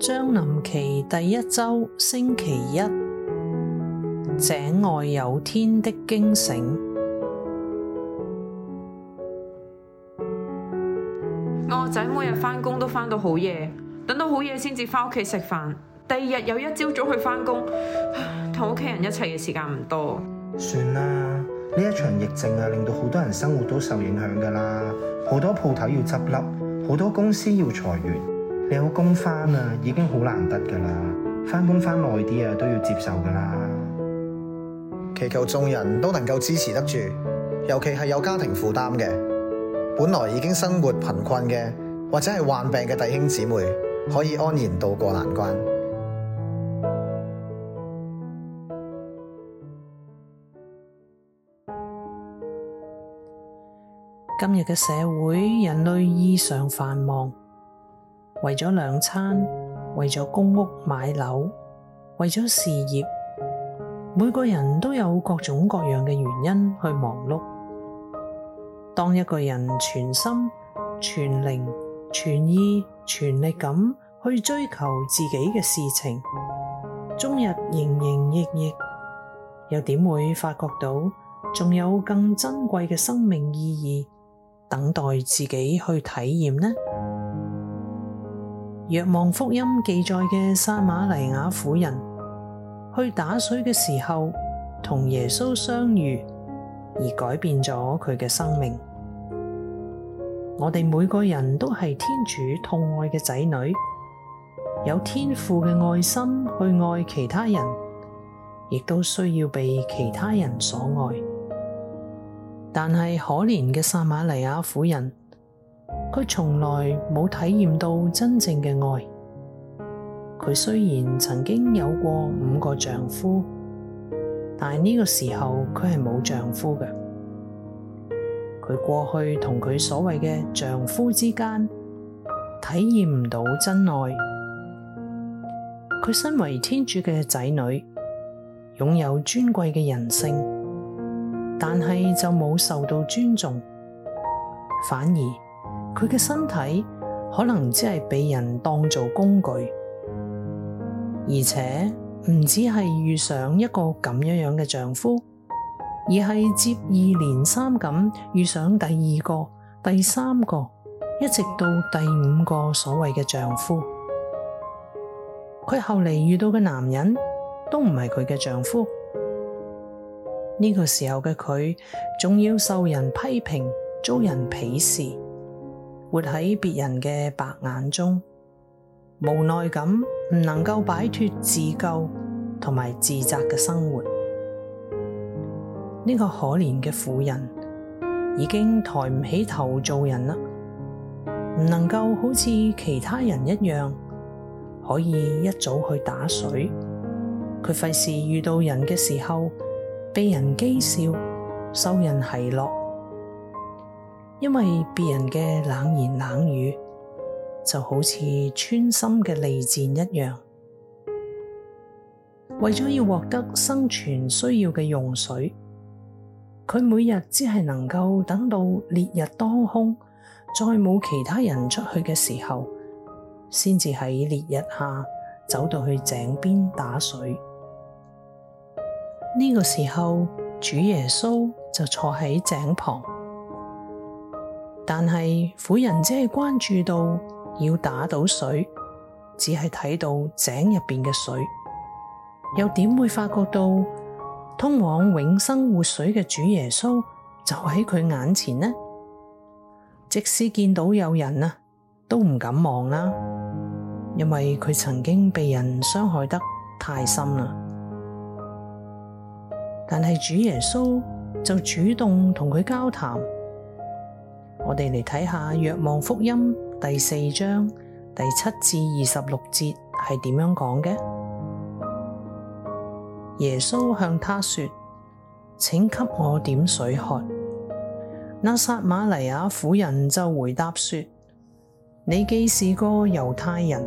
將臨期第一周星期一，井外有天的驚醒。我仔每日返工都返到好夜，等到好夜先至返屋企食飯，第二日又一朝早去返工，同屋企人一齊嘅時間唔多。算啦，呢一場疫症啊，令到好多人生活都受影響噶啦，好多鋪頭要執笠，好多公司要裁員。有工返啊，已經好難得㗎啦。返工返耐啲啊，都要接受㗎啦。祈求眾人都能夠支持得住，尤其係有家庭負擔嘅，本來已經生活貧困嘅，或者係患病嘅弟兄姊妹，可以安然度過難關。今日嘅社會，人類異常繁忙。為咗兩餐，為咗供屋買樓，為咗事業，每個人都有各種各樣嘅原因去忙碌。當一個人全心、全靈、全意、全力咁去追求自己嘅事情，終日營營役役，又點會發覺到仲有更珍貴嘅生命意義等待自己去體驗呢？《若望福音》記載嘅撒瑪黎雅婦人，去打水嘅時候同耶穌相遇，而改變咗佢嘅生命。我哋每個人都係天主疼愛嘅仔女，有天賦嘅愛心去愛其他人，亦都需要被其他人所愛。但係可憐嘅撒瑪黎雅婦人。佢從來冇體驗到真正嘅愛。佢雖然曾經有過五個丈夫，但係呢個時候佢係冇丈夫嘅。佢過去同佢所謂嘅丈夫之間體驗唔到真愛。佢身為天主嘅仔女，擁有尊貴嘅人性，但係就冇受到尊重，反而。佢嘅身體可能只係被人當做工具，而且唔止係遇上一個咁樣樣嘅丈夫，而係接二連三咁遇上第二個、第三個，一直到第五個所謂嘅丈夫。佢後嚟遇到嘅男人都唔係佢嘅丈夫。呢個時候嘅佢，仲要受人批評，遭人鄙視。活喺別人嘅白眼中，無奈咁唔能夠擺脫自疚同埋自責嘅生活。呢個可憐嘅婦人已經抬唔起頭做人啦，唔能夠好似其他人一樣可以一早去打水。佢費事遇到人嘅時候，被人譏笑，受人奚落。因為別人嘅冷言冷語就好似穿心嘅利箭一樣，為咗要獲得生存需要嘅用水，佢每日只能夠等到烈日當空，再冇其他人出去嘅時候，先至喺烈日下走到去井邊打水。呢、這個時候，主耶穌就坐喺井旁。但係婦人只係關注到要打到水，只係睇到井入邊嘅水，又點會發覺到通往永生活水嘅主耶穌就喺佢眼前呢？即使見到有人呢，都唔敢望啦，因為佢曾經被人傷害得太深啦。但係主耶穌就主動同佢交談。我哋嚟睇下《若望福音》第四章第七至二十六節係點樣講嘅。耶穌向她說：請給我點水喝。那撒瑪黎雅婦人就回答說：你既是個猶太人，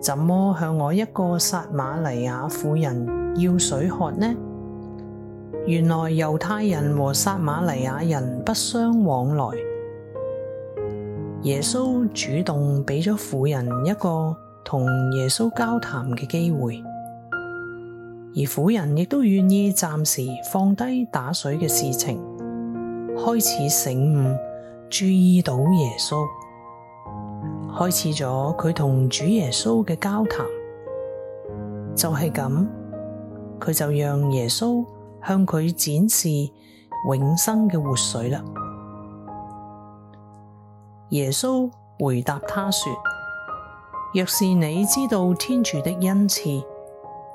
怎麼向我一個撒瑪黎雅婦人要水喝呢？原來猶太人和撒瑪黎雅人不相往來。耶穌主動俾咗婦人一個同耶穌交談嘅機會，而婦人亦都願意暫時放低打水嘅事情，開始醒寤，注意到耶穌，開始咗佢同主耶穌嘅交談，就係咁，佢就讓耶穌向佢展示永生嘅活水啦。耶穌回答他說：若是你知道天主的恩賜，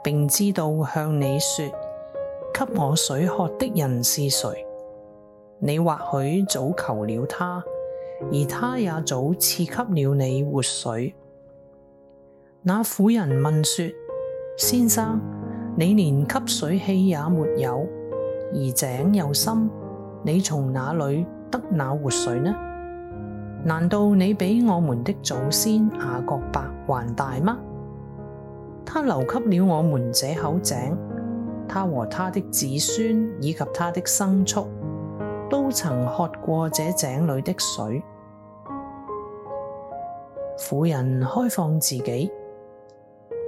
並知道向你說給我水喝的人是誰，你或許早求了他，而他也早賜給了你活水。那婦人問說：先生，你連汲水器也沒有，而井又深，你從哪裏得那活水呢？難道你比我們的祖先雅各伯還大嗎？他留給了我們這口井，他和他的子孫以及他的牲畜都曾喝過這井裏的水。婦人開放自己，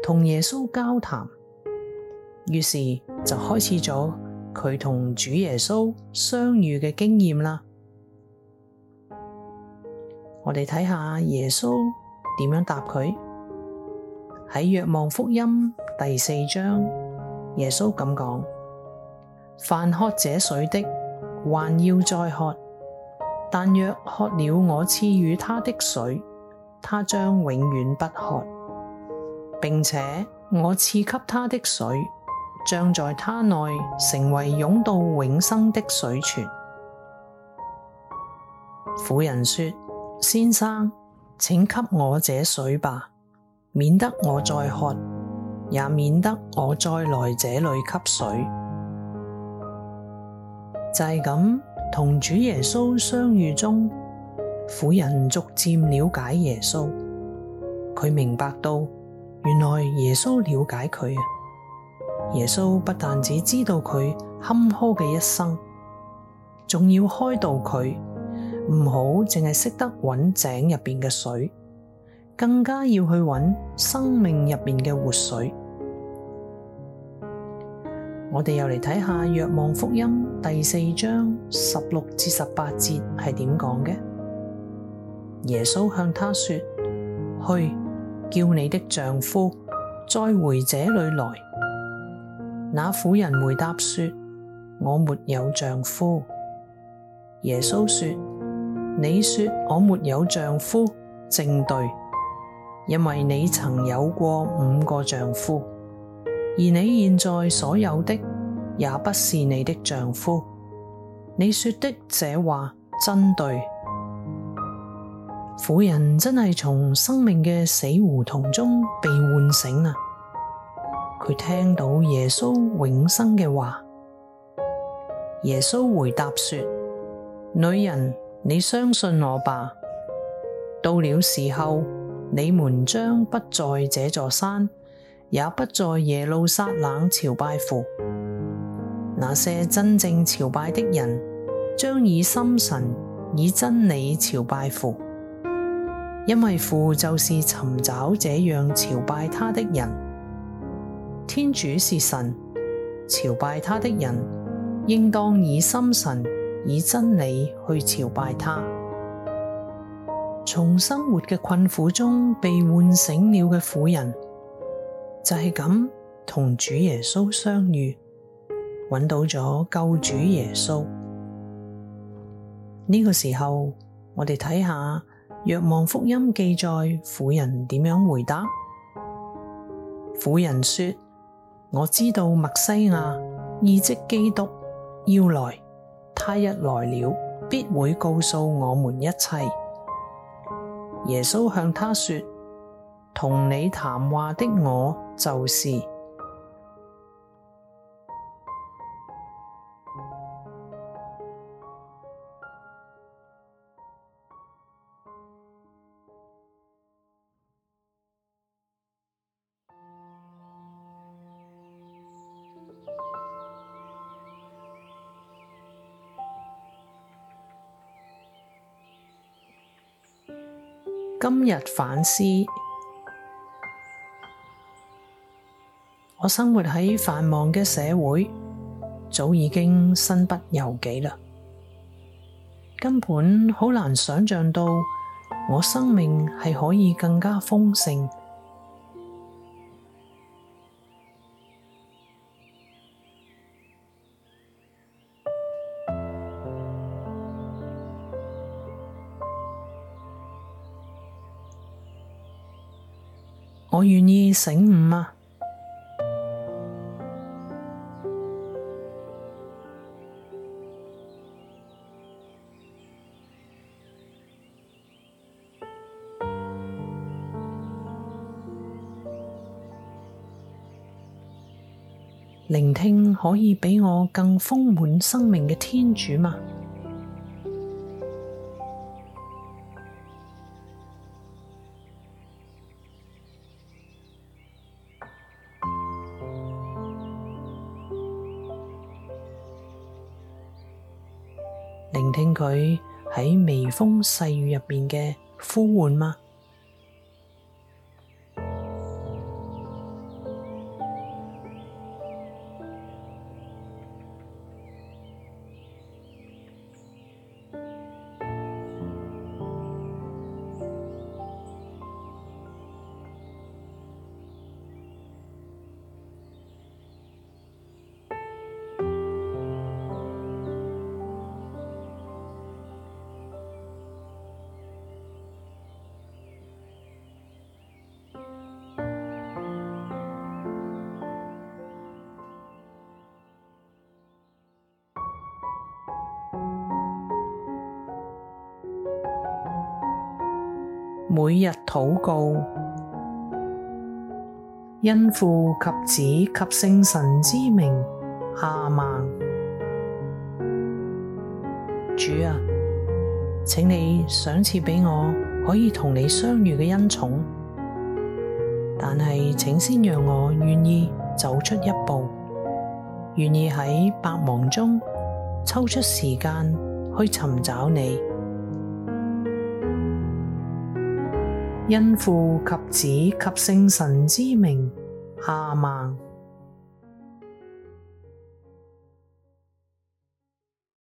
同耶穌交談，於是就開始咗佢同主耶穌相遇嘅經驗啦。我哋睇下耶穌點樣答佢喺《若望福音》第四章，耶穌咁講：凡喝這水的，還要再渴；但若喝了我賜予他的水，他將永遠不渴，並且我賜給他的水，將在他內成為湧到永生的水泉。婦人說。.先生，請給我這水吧，免得我再渴，也免得我再來這裡汲水。就係、是、咁，同主耶穌相遇中，婦人逐漸了解耶穌，佢明白到，原來耶穌了解佢。耶穌不但只知道佢坎坷嘅一生，仲要開導佢。唔好淨係識得揾井入邊嘅水，更加要去揾生命入邊嘅活水。我哋又嚟睇下《若望福音》第四章十六至十八節係點講嘅。耶穌向他說：去叫你的丈夫再回這裏來。那婦人回答說：我沒有丈夫。耶穌說。你說我沒有丈夫，正對，因為你曾有過五個丈夫，而你現在所有的也不是你的丈夫。你說的這話真對。婦人真係從生命嘅死胡同中被喚醒啦，佢聽到耶穌永生嘅話。耶穌回答說：女人。你相信我吧，到了時候，你們將不在這座山，也不在耶路撒冷朝拜父。那些真正朝拜的人，將以心神以真理朝拜父，因為父就是尋找這樣朝拜他的人。天主是神，朝拜他的人，應當以心神，以真理去朝拜他。從生活嘅困苦中被喚醒了嘅婦人，就係咁同主耶穌相遇，揾到咗救主耶穌呢，這個時候，我哋睇下《若望福音》記載，婦人點樣回答？婦人說：我知道，默西亞意即基督要來。他一來了，必會告訴我們一切。耶穌向她說：同你談話的我就是。今日反思，我生活喺繁忙嘅社會，早已經身不由己啦，根本好難想象到我生命係可以更加豐盛。我願意醒寤嗎？聆聽可以俾我更豐滿生命嘅天主嗎？聆聽佢喺微風細雨入邊嘅呼喚嗎？每日禱告，因父及子及聖神之名阿們。主啊，請你賞賜俾我可以同你相遇嘅恩寵，但係請先讓我願意走出一步，願意喺百忙中抽出時間去尋找你。因父及子及聖神之名，亞孟。